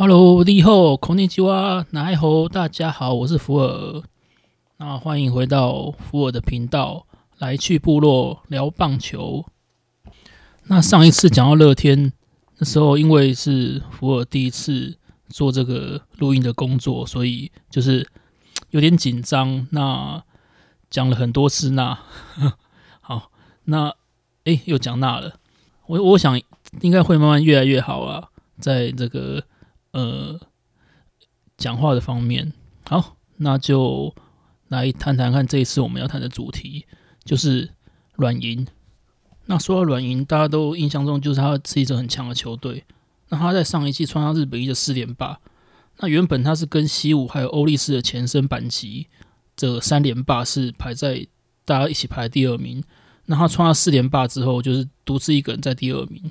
Hello，你好，こんにちは哪一猴？大家好，我是福爾。那歡迎回到福爾的頻道，來去部落聊棒球。那上一次講到樂天，那時候因為是福爾第一次做這個錄音的工作，所以就是有點緊張。那講了很多次那，那 好，那哎又講那了。我我想應該會慢慢越來越好啊，在這個。呃，講話的方面，好，那就來談談看這一次我們要談的主題，就是軟銀。那說到軟銀，大家都印象中就是他是一支很強的球隊。那他在上一季創下日本一的四連霸。那原本他是跟西武還有歐力士的前身阪急這三連霸是排在大家一起排第二名。那他創了四連霸之後，就是獨自一個人在第二名。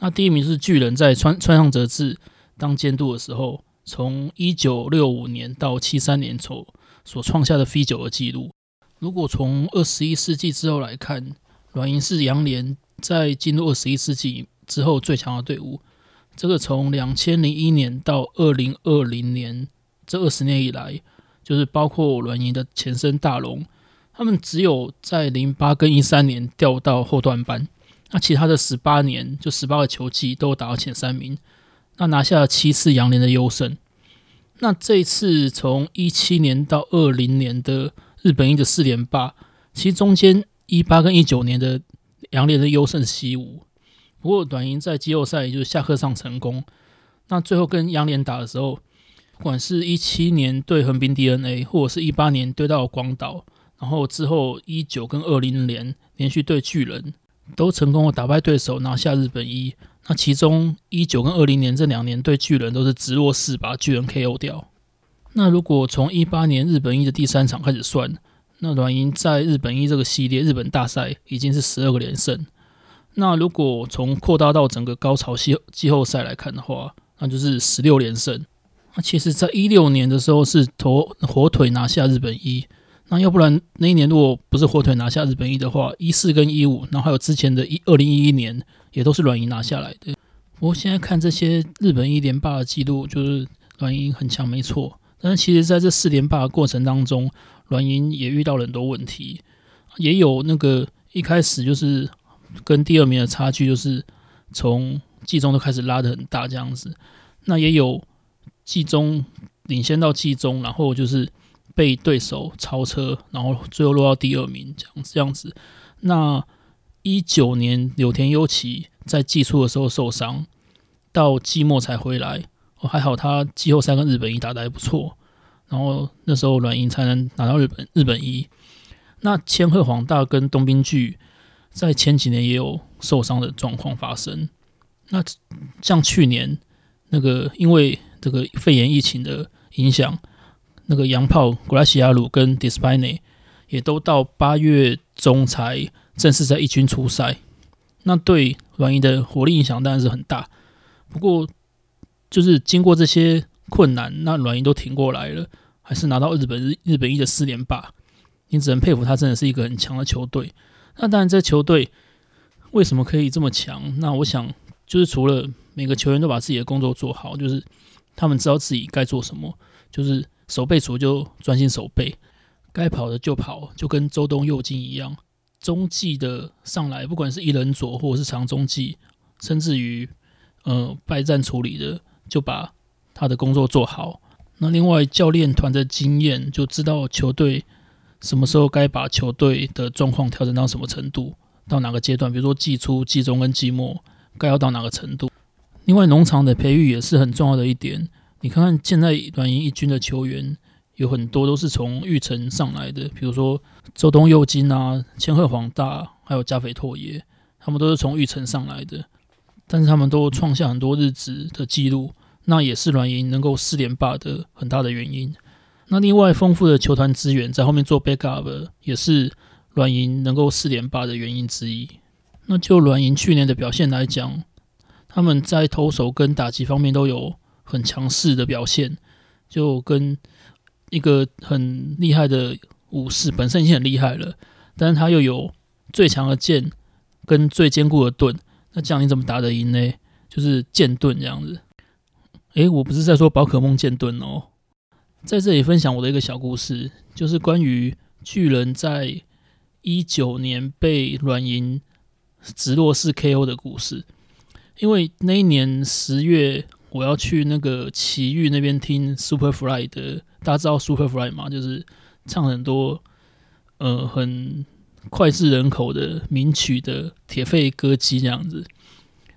那第一名是巨人，在川，川上哲治，當監督的時候，從一九六五年到七三年，所所創下的 V9 的紀錄。如果從二十一世紀之後來看，軟銀是洋聯在進入二十一世紀之後最強的隊伍。這個從兩千零一年到二零二零年這二十年以來，就是包括軟銀的前身大榮，他們只有在零八跟一三年掉到後段班，那其他的十八年就十八個球季都打到前三名。那拿下了七次洋聯的優勝，那這一次從一七年到二零年的日本一的四連霸，其中間一八跟一九年的洋聯的優勝西武，不過軟銀在季後賽就是下剋上成功。那最後跟洋聯打的時候，不管是一七年對橫濱 DeNA，或者是一八年對到廣島，然後之後一九跟二零年連續對巨人都成功的打敗對手，拿下日本一。那其中一九跟二零年這兩年對巨人都是直落四把巨人 KO 掉。那如果從一八年日本一的第三場開始算，那軟銀在日本一這個系列日本大賽已經是十二個連勝。那如果從擴大到整個高潮系季後賽來看的話，那就是十六連勝。那其實，在一六年的時候是頭火腿拿下日本一，那要不然那一年如果不是火腿拿下日本一的話，一四跟一五，然後還有之前的二零一一年。也都是軟銀拿下來的。不過現在看這些日本一連霸的記錄，就是軟銀很強沒錯。但是其實在這四連霸的過程當中，軟銀也遇到了很多問題，也有那個一開始就是跟第二名的差距，就是從季中都開始拉得很大這樣子。那也有季中領先到季中，然後就是被對手超車，然後最後落到第二名這樣子。這樣子，那。一九年，柳田悠岐在季初的時候受傷，到季末才回來。哦、還好他季後賽跟日本一打得還不錯，然後那時候軟銀才能拿到日本日本一。那千賀滉大跟東浜巨在前幾年也有受傷的狀況發生。那像去年那個因為這個肺炎疫情的影響，那個洋炮格拉西亞魯跟迪斯巴內也都到八月中才。正式在一軍出賽，那對軟銀的火力影響當然是很大。不過，就是經過這些困難，那軟銀都挺過來了，還是拿到日本日日本一的四連霸，你只能佩服他真的是一個很強的球隊。那當然，這球隊為什麼可以這麼強？那我想，就是除了每個球員都把自己的工作做好，就是他們知道自己該做什麼，就是守備組就專心守備，該跑的就跑，就跟周東佑京一樣。中繼的上來，不管是一人左或者是長中繼，甚至於呃敗戰處理的，就把他的工作做好。那另外教練團的經驗，就知道球隊什麼時候該把球隊的狀況調整到什麼程度，到哪個階段，比如說季初、季中跟季末，該要到哪個程度。另外，農場的培育也是很重要的一點。你看看現在軟銀一軍的球員。有很多都是從育成上來的，比如說周東佑京啊、千賀滉大，還有甲斐拓也，他們都是從育成上來的。但是他們都創下很多日職的記錄，那也是軟銀能夠四連霸的很大的原因。那另外豐富的球團資源在後面做 backup，也是軟銀能夠四連霸的原因之一。那就軟銀去年的表現來講，他們在投手跟打擊方面都有很強勢的表現，就跟。一個很厲害的武士，本身已經很厲害了，但是他又有最強的劍跟最堅固的盾，那這樣你怎麼打得贏呢？就是劍盾這樣子。誒、欸，我不是在說寶可夢劍盾哦，在這裡分享我的一個小故事，就是關於巨人在一九年被軟銀直落四 KO 的故事。因為那一年十月，我要去那個奇遇那邊聽 Superfly 的。大家知道 Superfly 嘛？就是唱很多呃很膾炙人口的名曲的鐵肺歌姬這樣子。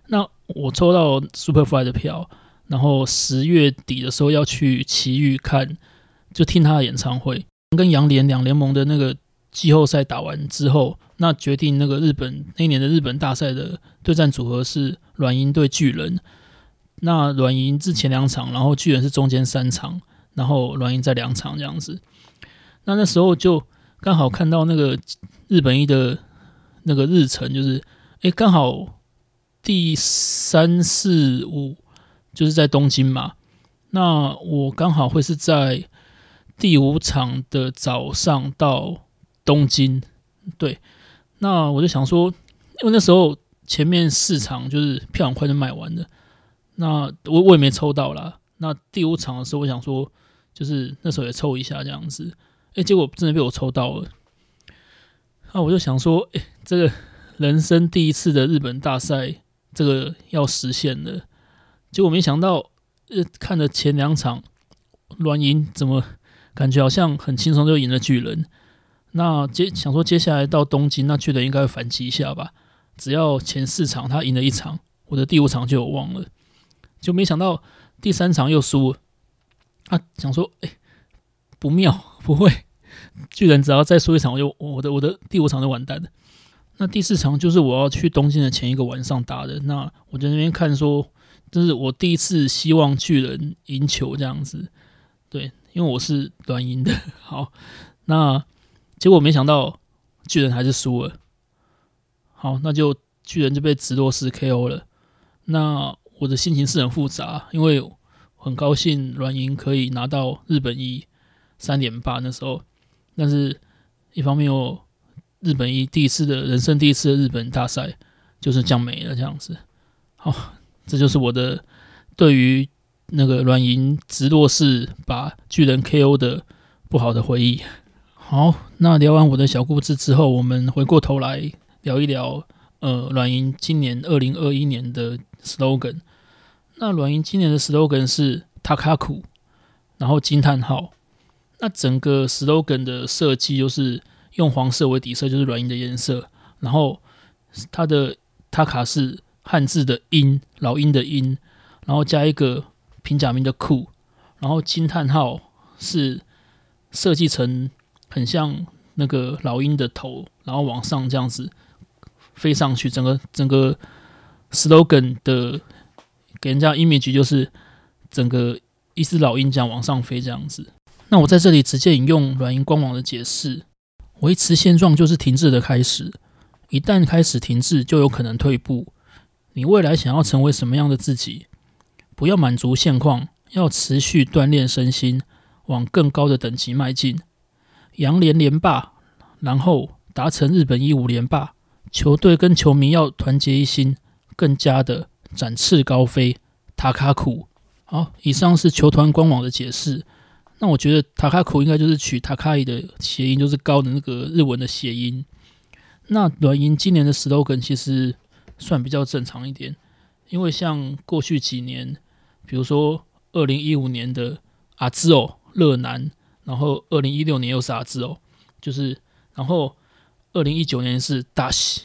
那我抽到 Superfly 的票，然後十月底的時候要去埼玉看，就聽他的演唱會。跟楊聯兩聯盟的那個季後賽打完之後，那決定那個日本那一年的日本大賽的對戰組合是軟銀對巨人。那軟銀是前兩場，然後巨人是中間三場。然後軟銀在兩場這樣子，那那時候就剛好看到那個日本一的那個日程，就是誒，剛好第三四五就是在東京嘛。那我剛好會是在第五場的早上到東京，對。那我就想說，因為那時候前面四場就是票很快就賣完了，那我我也沒抽到啦，那第五場的時候，我想說。就是那時候也抽一下這樣子，哎、欸，結果真的被我抽到了。那我就想說，哎、欸，這個人生第一次的日本大賽，這個要實現了。結果沒想到，呃，看着前兩場軟銀，怎麼感覺好像很輕鬆就贏了巨人？那接想說接下來到東京，那巨人應該反擊一下吧？只要前四場他贏了一場，我的第五場就有望了。就沒想到第三場又輸了。啊，想說，哎、欸，不妙，不會，巨人只要再輸一場，我就我的我的第五場就完蛋了。那第四場就是我要去東京的前一個晚上打的。那我在那邊看，說，這、就是我第一次希望巨人贏球這樣子。對，因為我是短贏的。好，那結果沒想到巨人還是輸了。好，那就巨人就被直落四 KO 了。那我的心情是很複雜，因為。很高興軟銀可以拿到日本一三連霸那時候，但是一方面哦，日本一第一次的人生第一次的日本大賽就是降沒了這樣子。好，這就是我的對於那個軟銀直落四把巨人 KO 的不好的回憶。好，那聊完我的小故事之後，我們回過頭來聊一聊呃軟銀今年二零二一年的 slogan。那軟銀今年的 slogan 是“タカク”，然後驚嘆號。那整個 slogan 的設計就是用黃色為底色，就是軟銀的顏色。然後它的“タカ”是漢字的“鷹”，老鷹的“鷹”。然後加一個平假名的“ク”，然後驚嘆號是設計成很像那個老鷹的頭，然後往上這樣子飛上去。整個整個 slogan 的。給人家的 image 就是整個一隻老鷹這樣往上飛這樣子。那我在這裡直接引用軟銀官網的解釋。維持現狀就是停滯的開始，一旦開始停滯，就有可能退步。你未來想要成為什麼樣的自己？不要滿足現況，要持續鍛鍊身心，往更高的等級邁進。洋聯連霸，然後達成日本一五連霸。球隊跟球迷要團結一心，更加的。展翅高飛，塔卡庫。好，以上是球團官網的解釋。那我覺得塔卡庫應該就是取塔卡伊的諧音，就是高的那個日文的諧音。那軟銀今年的 slogan 其實算比較正常一點，因為像過去幾年，比如說二零一五年的阿茲哦熱男，然後二零一六年又是阿茲哦，就是然後二零一九年是大喜，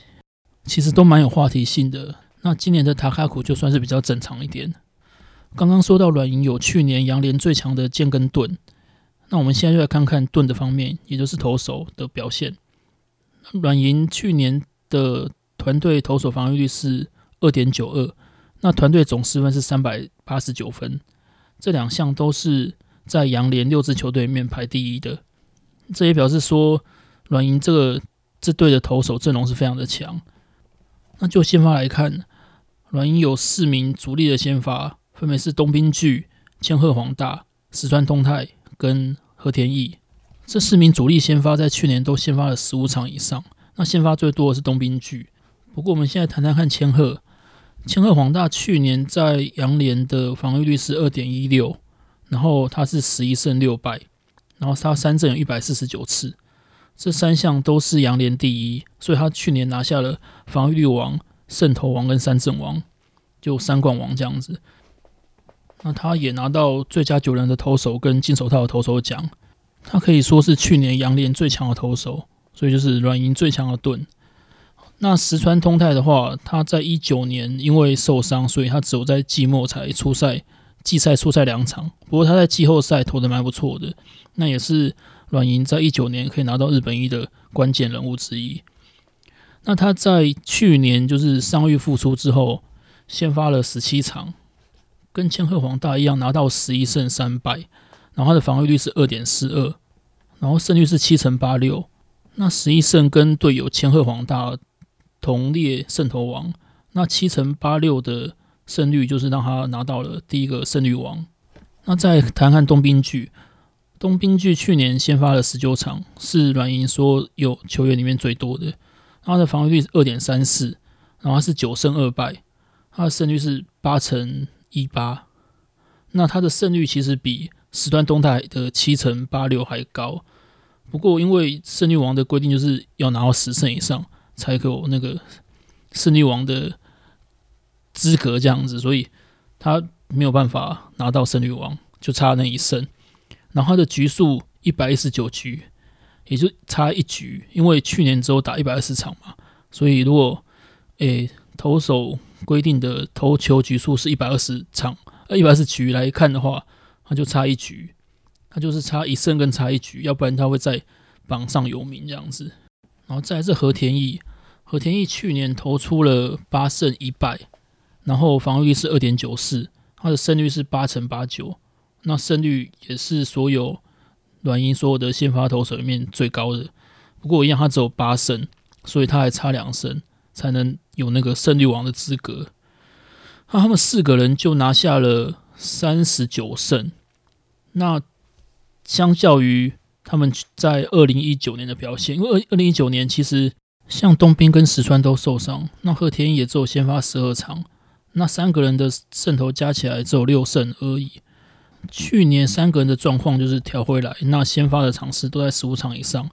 其實都蠻有話題性的。那今年的塔卡庫就算是比較正常一點。剛剛說到軟銀有去年洋聯最強的劍跟盾，那我們現在就來看看盾的方面，也就是投手的表現。軟銀去年的團隊投手防禦率是二點九二，那團隊總失分是三百八十九分，這兩項都是在洋聯六支球隊裡面排第一的。這也表示說軟銀這個這隊的投手陣容是非常的強。那就先發來看。軟銀有四名主力的先發，分別是東浜巨、千賀滉大、石川柊太跟和田毅。這四名主力先發在去年都先發了十五場以上。那先發最多的是東浜巨。不過我們現在談談看千賀。千賀滉大去年在洋聯的防禦率是二點一六，然後他是十一勝六敗，然後他三振有一百四十九次，這三項都是洋聯第一，所以他去年拿下了防禦率王。勝投王跟三振王，就三冠王這樣子。那他也拿到最佳九人的投手跟金手套的投手獎，他可以說是去年洋聯最強的投手，所以就是軟銀最強的盾。那石川柊太的話，他在一九年因為受傷，所以他只有在季末才出賽季賽出賽兩場，不過他在季後賽投的蠻不錯的，那也是軟銀在一九年可以拿到日本一的關鍵人物之一。那他在去年就是傷癒復出之後，先發了十七場，跟千賀滉大一樣拿到十一勝三敗，然後他的防禦率是二點四二，然後勝率是七成八六。那十一勝跟隊友千賀滉大同列勝投王，那七成八六的勝率就是讓他拿到了第一個勝率王。那再談談東浜巨，東浜巨去年先發了十九場，是軟銀所有球員裡面最多的。他的防禦率是二點三四，然後他是九勝二敗，他的勝率是八成一八。那他的勝率其實比時段動態的七成八六還高。不過因為勝率王的規定就是要拿到十勝以上才可以有那個勝率王的資格，這樣子，所以他沒有辦法拿到勝率王，就差那一勝。然後他的局數一百一十九局。也就差一局，因為去年只有打一百二十場嘛，所以如果誒、欸、投手規定的投球局數是一百二十場，呃一百二十局來看的話，他就差一局，他就是差一勝跟差一局，要不然他會在榜上有名這樣子。然後再來是和田毅，和田毅去年投出了八勝一敗，然後防御率是二點九四，他的勝率是八成八九，89，那勝率也是所有。軟銀所有的先發投手裡面最高的，不過一樣他只有八勝，所以他還差兩勝才能有那個勝率王的資格。那、啊、他們四個人就拿下了三十九勝，那相較於他們在二零一九年的表現，因為二二零一九年其實像東兵跟石川都受傷，那賀天也只有先發十二場，那三個人的勝投加起來只有六勝而已。去年三個人的狀況就是調回來，那先發的場次都在十五場以上，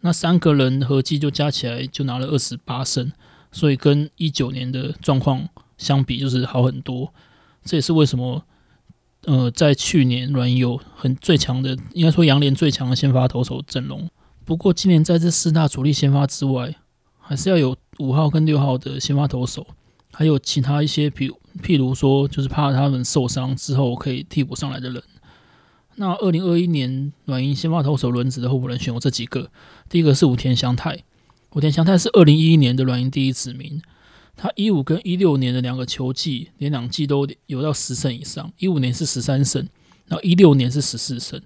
那三個人合計就加起來就拿了二十八勝，所以跟一九年的狀況相比就是好很多。這也是為什麼，呃，在去年軟銀很最強的，應該說洋聯最強的先發投手陣容。不過今年在這四大主力先發之外，還是要有五號跟六號的先發投手。還有其他一些譬如，譬如說，就是怕他們受傷之後可以替補上來的人。那二零二一年軟銀先發投手輪值的候補人選有這幾個：第一個是武田翔太，武田翔太是二零一一年的軟銀第一指名。他一五跟一六年的兩個球季，連兩季都有到十勝以上，一五年是十三勝，然後一六年是十四勝。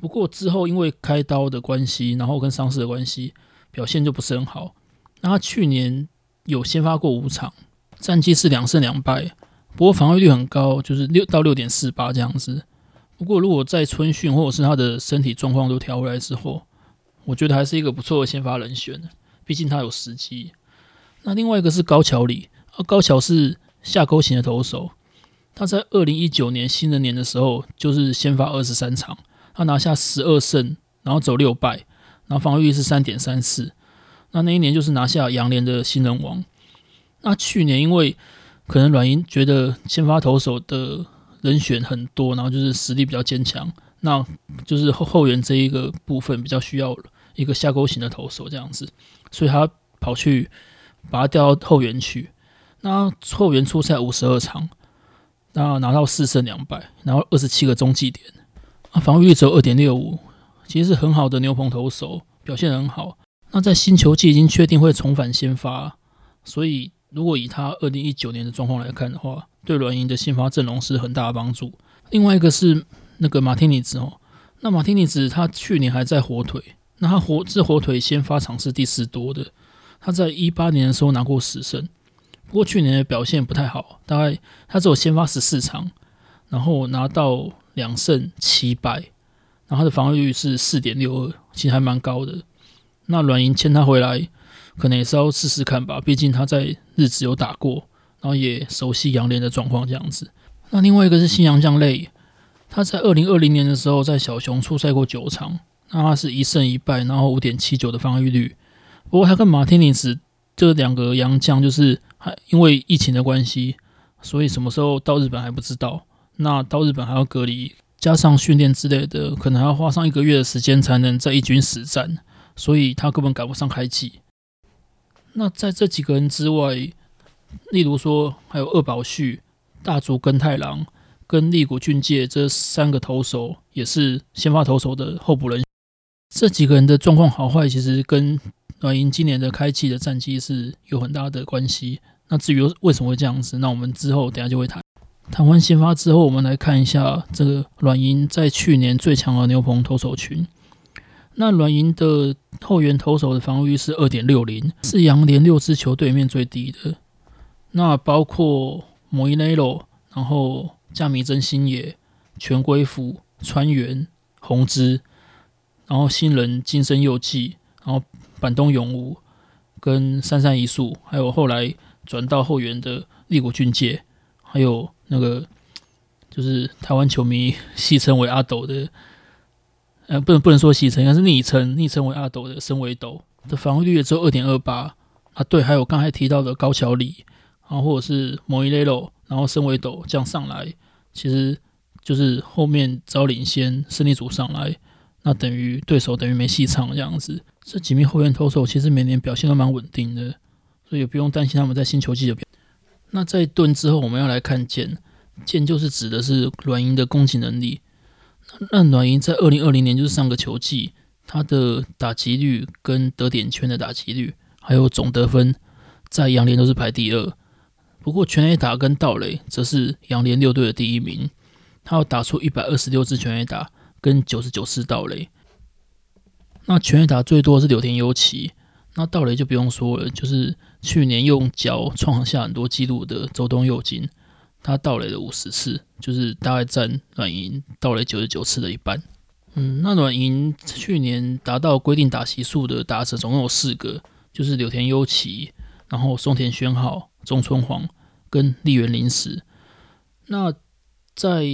不過之後因為開刀的關係，然後跟傷勢的關係，表現就不是很好。那他去年有先發過五場。戰績是兩勝兩敗，不過防禦率很高，就是六到六點四八這樣子。不過如果在春訓或者是他的身體狀況都調回來之後，我覺得還是一個不錯的先發人選。畢竟他有時機。那另外一個是高橋禮，啊，高橋是下勾型的投手。他在二零一九年新人年的時候，就是先發二十三場，他拿下十二勝，然後走六敗，然後防禦率是三點三四。那那一年就是拿下洋聯的新人王。他、啊、去年因為可能軟銀覺得先發投手的人選很多，然後就是實力比較堅強，那就是後後援這一個部分比較需要一個下勾型的投手這樣子，所以他跑去把他調到後援區。那後援出賽五十二場，那拿到四勝兩敗，然後二十七個中繼點，防禦率只有二點六五，其實是很好的牛棚投手，表現很好。那在新球季已經確定會重返先發，所以。如果以他二零一九年的狀況來看的話，對軟銀的先發陣容是很大的幫助。另外一個是那個馬天尼茲哦，那馬天尼茲他去年還在火腿，那他火在火腿先發場是第四多的。他在一八年的時候拿過十勝，不過去年的表現不太好，大概他只有先發十四場，然後拿到兩勝七敗，然後他的防禦率是四點六二，其實還蠻高的。那軟銀簽他回來。可能也是要試試看吧，畢竟他在日職有打過，然後也熟悉洋聯的狀況這樣子。那另外一個是新洋將類，他在二零二零年的時候在小熊出賽過九場，那他是一勝一敗，然後五點七九的防禦率。不過他跟馬天尼斯這兩個洋將，就是還因為疫情的關係，所以什麼時候到日本還不知道。那到日本還要隔離，加上訓練之類的，可能還要花上一個月的時間才能在一軍實戰，所以他根本趕不上開季。那在這幾個人之外，例如說還有二保旭、大竹耕太郎跟立谷俊介這三個投手，也是先發投手的候補人。這幾個人的狀況好壞，其實跟軟銀今年的開季的戰績是有很大的關係。那至於為什麼會這樣子，那我們之後等下就會談。談完先發之後，我們來看一下這個軟銀在去年最強的牛棚投手群。那軟銀的後援投手的防御率是二點六零，是洋聯六支球隊面最低的。那包括莫伊內洛，然後嘉彌真新也，泉圭輔，川原弘之，然後新人金生佑紀，然後板東湧梧跟杉山一樹，還有後來轉到後援的笠谷俊介，還有那個就是台灣球迷戲稱為阿斗的。呃，不能不能說戲稱，應該是暱稱、暱稱為阿斗的森唯斗的防禦率也只有二點二八啊。對，還有剛才提到的高橋禮，然、啊、後或者是摩伊雷羅，然後森唯斗這樣上來，其實就是後面只要領先勝利組上來，那等於對手等於沒戲唱這樣子。這幾名後援投手其實每年表現都蠻穩定的，所以也不用擔心他們在新球季的表現。那在盾之後，我們要來看劍，劍就是指的是軟銀的攻擊能力。那軟銀在二零二零年就是上個球季，他的打擊率跟得點圈的打擊率，還有總得分，在洋聯都是排第二。不過全壘打跟盜壘則是洋聯六隊的第一名，他要打出一百二十六支全壘打跟九十九次盜壘。那全壘打最多是柳田悠岐，那盜壘就不用說了，就是去年用腳創下很多紀錄的周東佑京。他盜壘了五十次，就是大概佔軟銀盜壘九十九次的一半。嗯，那軟銀去年達到規定打席數的打者總共有四個，就是柳田悠岐，然後松田宣浩、中村晃跟栗原陵矢。那在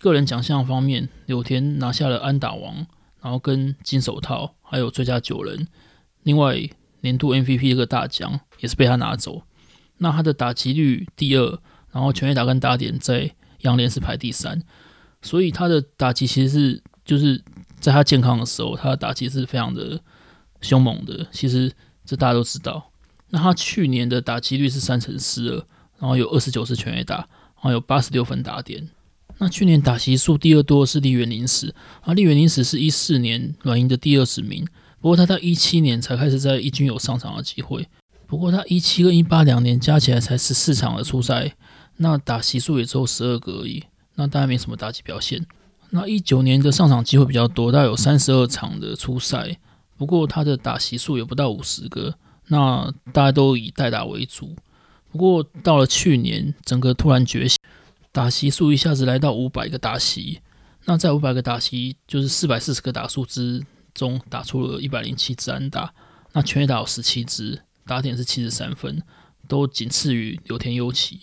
個人獎項方面，柳田拿下了安打王，然後跟金手套，還有最佳九人，另外年度 MVP 這個大獎也是被他拿走。那他的打擊率第二。然後全壘打跟打點在洋聯是排第三，所以他的打擊其實是就是在他健康的時候，他的打擊是非常的凶猛的。其實這大家都知道。那他去年的打擊率是三成四二，然後有二十九次全壘打，然後有八十六分打點。那去年打擊數第二多是栗原陵矢，而栗原陵矢是一四年軟銀的第二十名。不過他在一七年才開始在一軍有上場的機會，不過他一七跟一八兩年加起來才十四場的出賽。那打席數也只有十二個而已，那大概沒什麼打擊表現。那一九年的上場機會比較多，大概有三十二場的出賽，不過他的打席數也不到五十個，那大家都以代打為主。不過到了去年，整個突然覺醒，打席數一下子來到五百個打席。那在五百個打席，就是四百四十個打數之中，打出了一百零七支安打，那全壘打有十七支，打點是七十三分，都僅次於柳田悠岐。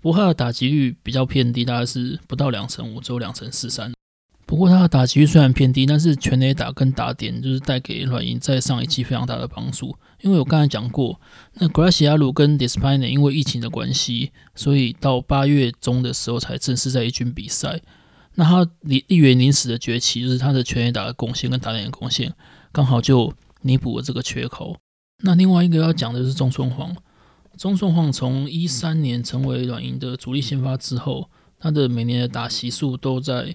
不過他的打擊率比較偏低，大概是不到兩成五，只有兩成四三。不過他的打擊率雖然偏低，但是全壘打跟打點就是帶給軟銀在上一季非常大的幫助。因為我剛才講過，那 Gracial 跟 Despaigne 因為疫情的關係，所以到八月中的時候才正式在一軍比賽。那他栗原陵矢的崛起，就是他的全壘打的貢獻跟打點的貢獻，剛好就彌補了這個缺口。那另外一個要講的就是中村晃。中村晃從一三年成為軟銀的主力先發之後，他的每年的打席數都在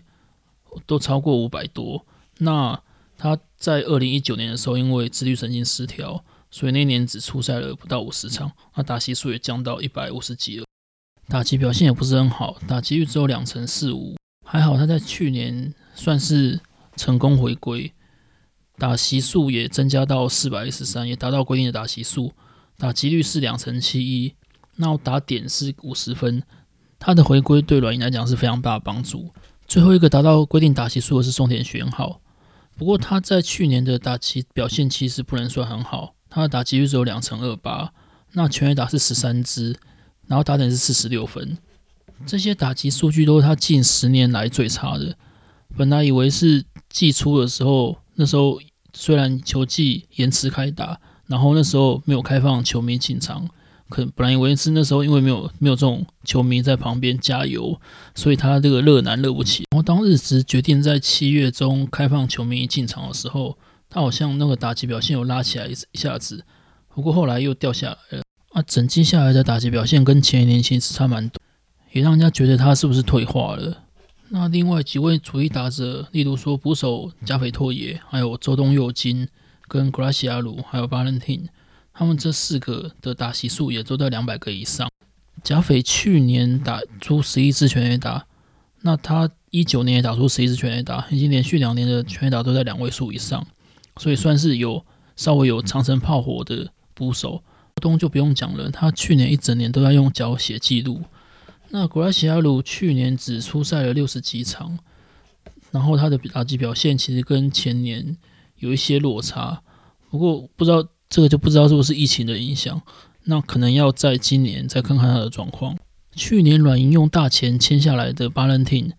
都超過五百多。那他在二零一九年的時候，因為自律神經失調，所以那年只出賽了不到五十場，他打席數也降到一百五十幾了，打擊表現也不是很好，打擊率只有兩成四五。還好他在去年算是成功回歸，打席數也增加到四百一十三，也達到規定的打席數。打擊率是兩成七一。那打點是五十分，他的回歸對軟銀來講是非常大的幫助。最後一個達到規定打擊數的是松田宣浩，不過他在去年的打擊表現其實不能算很好，他的打擊率只有兩成二八，那全壘打是十三支，然後打點是四十六分，這些打擊數據都是他近十年來最差的。本來以為是季初的時候，那時候雖然球季延遲開打。然後那時候沒有開放球迷進場，可能本來以為是那時候因為沒有沒有這種球迷在旁邊加油，所以他這個熱男熱不起。然後當日職決定在七月中開放球迷進場的時候，他好像那個打擊表現有拉起來一一下子，不過後來又掉下來了。啊，整季下來的打擊表現跟前一年其實差蠻多，也讓人家覺得他是不是退化了。那另外幾位主力打者，例如說捕手甲斐拓也，還有周東佑京。跟格拉西亞魯還有巴倫汀，他們這四個的打席數也都在兩百個以上。甲斐去年打出十一次全壘打，那他一九年也打出十一次全壘打，已經連續兩年的全壘打都在兩位數以上，所以算是有稍微有長程炮火的捕手。東就不用講了，他去年一整年都在用腳寫記錄。那格拉西亞魯去年只出賽了六十幾場，然後他的打擊表現其實跟前年，有一些落差，不過不知道這個就不知道是不是疫情的影響。那可能要在今年再看看他的狀況。去年軟銀用大錢簽下來的巴倫汀，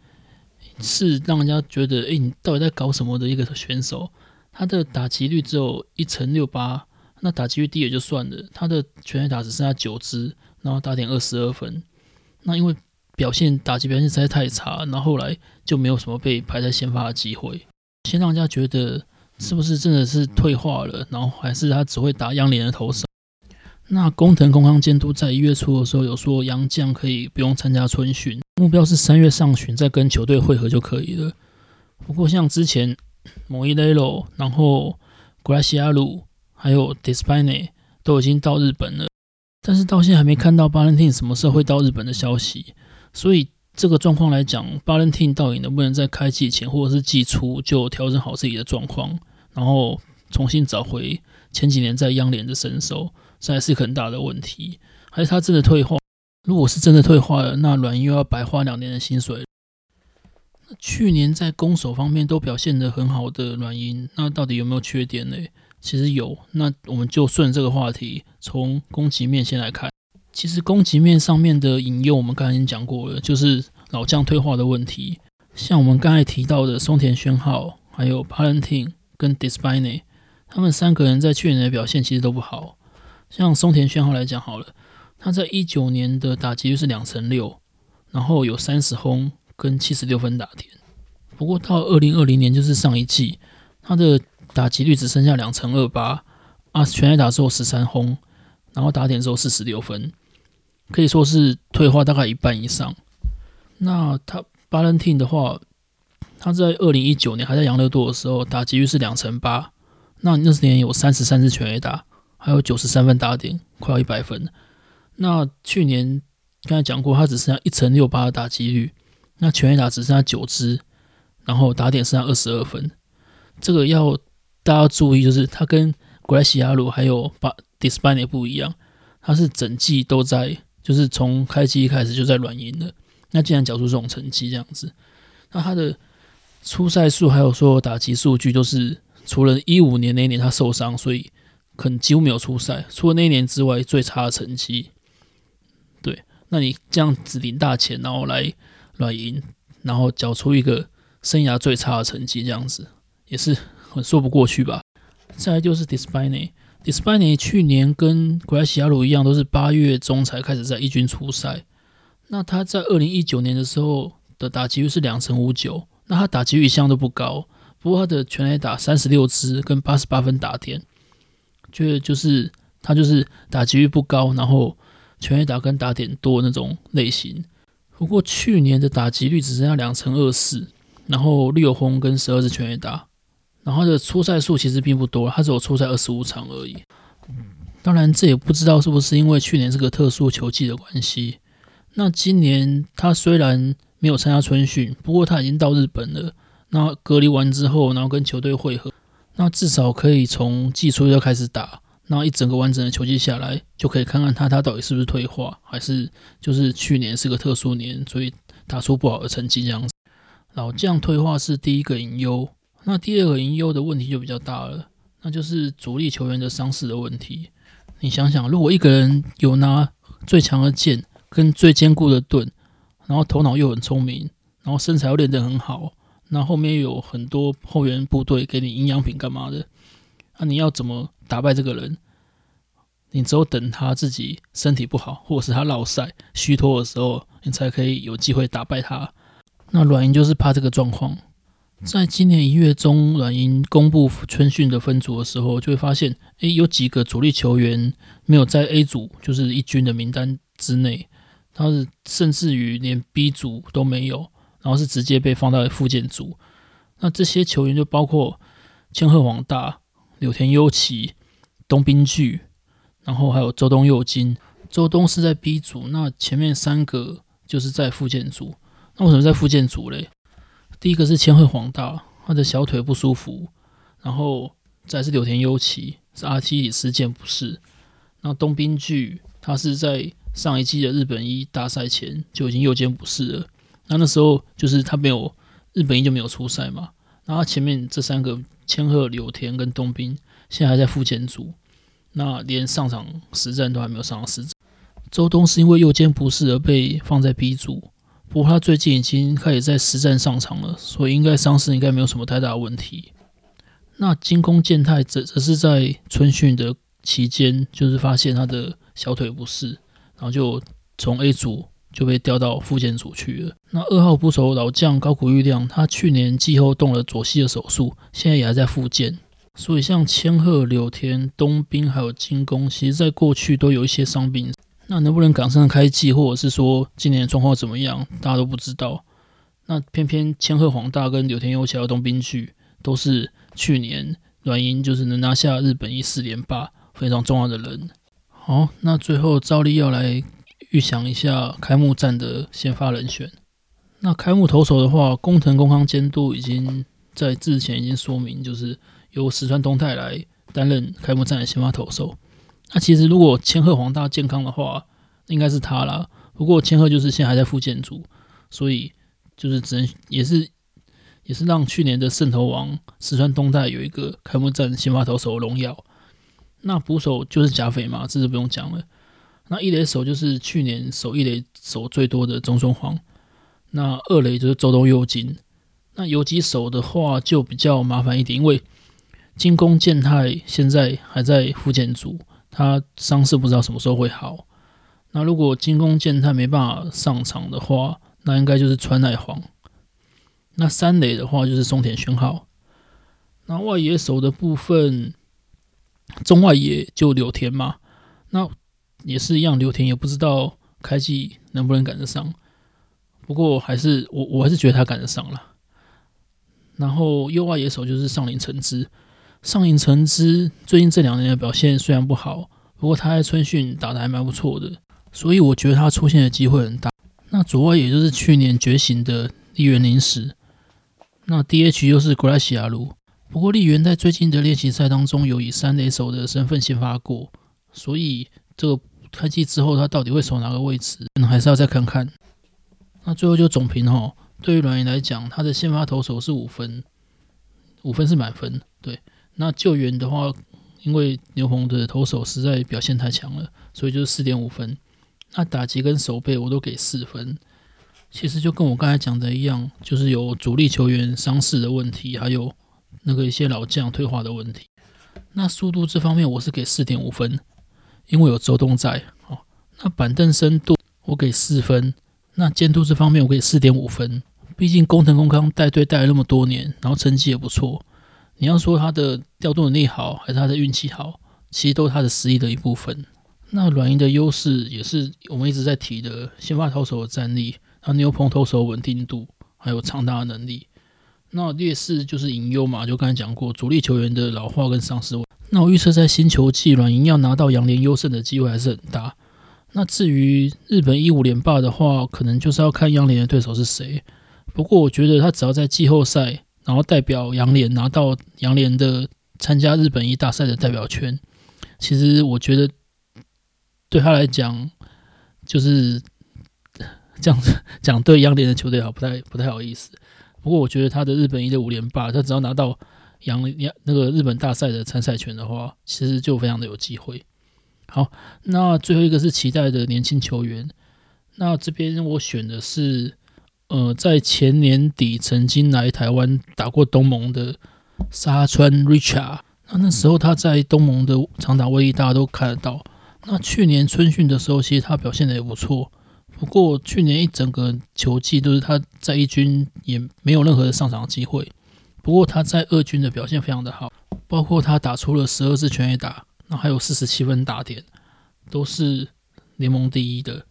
是讓人家覺得，誒、欸，你到底在搞什麼的一個選手。他的打擊率只有一成六八，那打擊率低也就算了，他的全壘打只剩下九支，然後打點二十二分。那因為表現打擊表現實在太差，那後，後來就沒有什麼被排在先發的機會，先讓人家覺得。是不是真的是退化了？然後還是他只會打央聯的投手？那工藤公康監督在一月初的時候有說洋將可以不用參加春訓，目標是三月上旬再跟球隊會合就可以了。不過像之前莫伊內羅，然後 Gracial 還有 Despaigne 都已經到日本了，但是到現在還沒看到巴倫廷什麼時候會到日本的消息，所以。這個狀況來講，巴倫汀到底能不能在開季前或者是季初就調整好自己的狀況，然後重新找回前幾年在央聯的身手，這還是很大的問題。還是他真的退化？如果是真的退化了，那軟銀又要白花兩年的薪水。去年在攻守方面都表現得很好的軟銀，那到底有沒有缺點呢？其實有。那我們就順這個話題，從攻擊面先來看。其實攻擊面上面的引誘，我們剛才已經講過了，就是老將退化的問題。像我們剛才提到的松田宣浩，還有巴倫汀跟 Despaigne，他們三個人在去年的表現其實都不好。像松田宣浩來講好了，他在一九年的打擊率是兩成六，然後有三十轟跟七十六分打點。不過到二零二零年就是上一季，他的打擊率只剩下兩成二八，啊，全壘打之後十三轟，然後打點之後四十六分。可以說是退化大概一半以上。那他巴倫汀的話，他在二零一九年還在養樂多的時候，打擊率是兩成八。那那年有三十三支全壘打，還有九十三分打點，快要一百分。那去年剛才講過，他只剩下一成六八的打擊率，那全壘打只剩下九支，然後打點剩下二十二分。這個要大家注意，就是他跟古雷西亞魯還有巴迪斯班也不一樣，他是整季都在。就是從開機一開始就在軟銀的，那竟然繳出這種成績這樣子，那他的出賽數還有說打擊數據都是除了一五年那一年他受傷，所以可能幾乎沒有出賽，除了那一年之外最差的成績。對，那你這樣子領大錢然後來軟銀，然後繳出一個生涯最差的成績這樣子也是很說不過去吧。再來就是 Despaigne。迪士尼去年跟古萊西亞魯一樣，都是八月中才開始在一軍出賽。那他在二零一九年的時候的打擊率是兩成五九，那他打擊率一向都不高。不過他的全壘打三十六支，跟八十八分打點，就就是他就是打擊率不高，然後全壘打跟打點多那種類型。不過去年的打擊率只剩下兩成二四，然後六轟跟十二支全壘打。然後他的出賽數其實並不多，他只有出賽二十五場而已。當然這也不知道是不是因為去年是個特殊球季的關係。那今年他雖然沒有參加春訓，不過他已經到日本了。那隔離完之後，然後跟球隊會合，那至少可以從季初就開始打。那一整個完整的球季下來，就可以看看他他到底是不是退化，還是就是去年是個特殊年，所以打出不好的成績這樣。老將退化是第一個隱憂。那第二個隱憂的問題就比較大了，那就是主力球員的傷勢的問題。你想想，如果一個人有拿最強的劍，跟最堅固的盾，然後頭腦又很聰明，然後身材又練得很好，那後面又有很多後援部隊給你營養品幹嘛的，那你要怎麼打敗這個人？你只有等他自己身體不好，或者是他落賽虛脫的時候，你才可以有機會打敗他。那軟銀就是怕這個狀況。在今年一月中，軟銀公布春訓的分組的時候，就會發現，誒，有幾個主力球員沒有在 A 組，就是一軍的名單之內，他是甚至於連 B 組都沒有，然後是直接被放到復健組。那這些球員就包括千賀滉大、柳田悠岐、東濱巨，然後還有周東佑京。周東是在 B 組，那前面三個就是在復健組。那為什麼在復健組嘞？第一個是千賀滉大，他的小腿不舒服，然後再是柳田悠岐，是阿七右肩不適，那東浜巨他是在上一季的日本一大賽前就已經右肩不適了，那那時候就是他沒有日本一就沒有出賽嘛，然後前面這三個千賀柳田跟東浜現在還在復健組，那連上場實戰都還沒有上過實戰。周東是因為右肩不適而被放在 B 組。不過他最近已經開始在實戰上場了，所以應該傷勢應該沒有什麼太大的問題。那金宮健太則，則則是在春訓的期間，就是發現他的小腿不適，然後就從 A 組就被調到復健組去了。那二號捕手老將高谷裕亮，他去年季後動了左膝的手術，現在也還在復健。所以像千賀、柳田、東濱還有金宮，其實在過去都有一些傷病。那能不能趕上開季，或者是說今年的狀況怎麼樣，大家都不知道。那偏偏千賀滉大跟柳天佑、小奧東兵去，都是去年軟銀就是能拿下日本一四連霸非常重要的人。好，那最後照例要來預想一下開幕戰的先發人選。那開幕投手的話，工藤公康監督已經在之前已經說明，就是由石川東泰來擔任開幕戰的先發投手。那其實如果千賀滉大健康的話，應該是他啦。不過千賀就是現在還在復健組，所以就是只能也是也是讓去年的勝投王石川柊太有一個開幕戰先發投手的榮耀。那捕手就是甲斐嘛，這是不用講了。那一壘手就是去年守一壘守最多的中村晃。那二壘就是周東佑京。那游擊手的話就比較麻煩一點，因為今宮健太現在還在復健組。他傷勢不知道什麼時候會好。那如果今宮健太他沒辦法上場的話，那應該就是川瀨晃，那三壘的話就是松田宣浩。那外野手的部分，中外野就柳田嘛。那也是一樣，柳田也不知道開季能不能趕得上。不過還是我我還是覺得他趕得上了。然後右外野手就是上林誠知。上林誠知最近這兩年的表現雖然不好，不過他在春訓打得還蠻不錯的，所以我覺得他出現的機會很大。那左外也就是去年覺醒的栗原陵矢，那 D H 又是格拉西亞盧。不過栗原在最近的練習賽當中有以三壘手的身份先發過，所以這個開季之後他到底會守哪個位置，嗯，還是要再看看。那最後就總評哈，對於軟銀來講，他的先發投手是五分，五分是滿分，對。那救援的話，因為牛棚的投手實在表現太強了，所以就是四點五分。那打擊跟守備我都給四分，其實就跟我剛才講的一樣，就是有主力球員傷勢的問題，還有那個一些老將退化的問題。那速度這方面我是給四點五分，因為有周東在哦。那板凳深度我給四分，那監督這方面我給四點五分，畢竟工藤公康帶隊帶了那麼多年，然後成績也不錯。你要說他的調動能力好，還是他的運氣好，其實都是他的實力的一部分。那軟銀的優勢也是我們一直在提的：先發投手的戰力，還牛棚投手的穩定度，還有長打能力。那劣勢就是隱憂嘛，就剛才講過，主力球員的老化跟喪失。那我預測在新球季，軟銀要拿到洋聯優勝的機會還是很大。那至於日本一五連霸的話，可能就是要看央聯的對手是誰。不過我覺得他只要在季後賽，然後代表洋聯拿到洋聯的參加日本一大賽的代表權，其實我覺得對他來講就是這樣子講，對洋聯的球隊好，不太不太好意思。不過我覺得他的日本一的五連霸，他只要拿到洋洋那個日本大賽的參賽權的話，其實就非常的有機會。好，那最後一個是期待的年輕球員，那這邊我選的是。呃，在前年底曾經來台灣打過東盟的沙川 Richard，那那時候他在東盟的長打威力大家都看得到。那去年春訓的時候，其實他表現得也不錯。不過去年一整個球季都是他在一軍也沒有任何的上場機會。不過他在二軍的表現非常的好，包括他打出了十二次全壘打，那還有四十七分打點，都是聯盟第一的。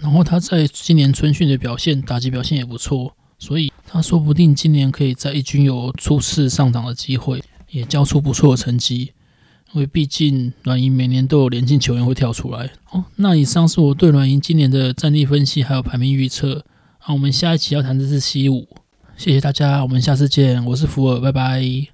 然後他在今年春訓的表現，打擊表現也不錯，所以他說不定今年可以在一軍有初次上場的機會，也交出不錯的成績。因為畢竟軟銀每年都有年輕球員會跳出來。哦。那以上是我對軟銀今年的戰力分析，還有排名預測。好，我們下一期要談的是 C 五，謝謝大家，我們下次見，我是福爾，拜拜。